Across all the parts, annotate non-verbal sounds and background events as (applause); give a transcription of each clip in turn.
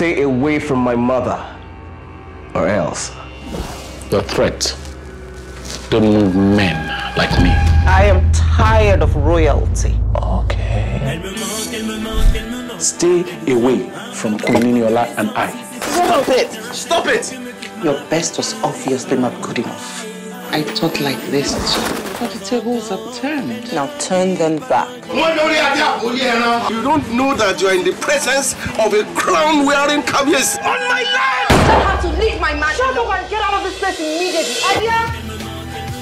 Stay away from my mother, or else. Your threat don't move men like me. I am tired of royalty. Okay. Stay away from Queen Niniola and I. Stop it! Stop it! Your best was obviously not good enough. I thought like this too the tables upturned. Now turn them back. You don't know that you are in the presence of a crown wearing cavies on my land! I have to leave my man. Shut up and get out of this place immediately. Adia,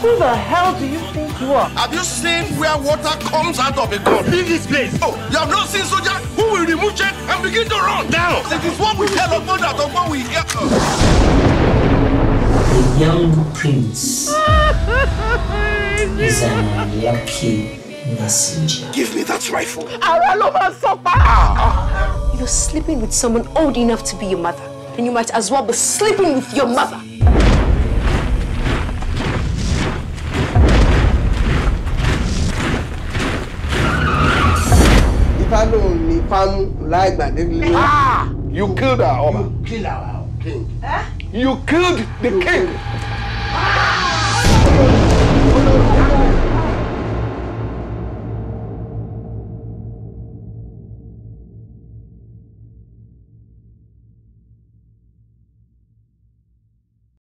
who the hell do you think you are? Have you seen where water comes out of a gun? Leave this place. Oh, you have not seen soldier who will remove check and begin to run down. It is what we tell upon that what we hear. The young prince. (laughs) He's an unlucky messenger. Give me that rifle. You're sleeping with someone old enough to be your mother. And you might as well be sleeping with your mother. Ah! You killed our Oma. You killed our king. You killed the king.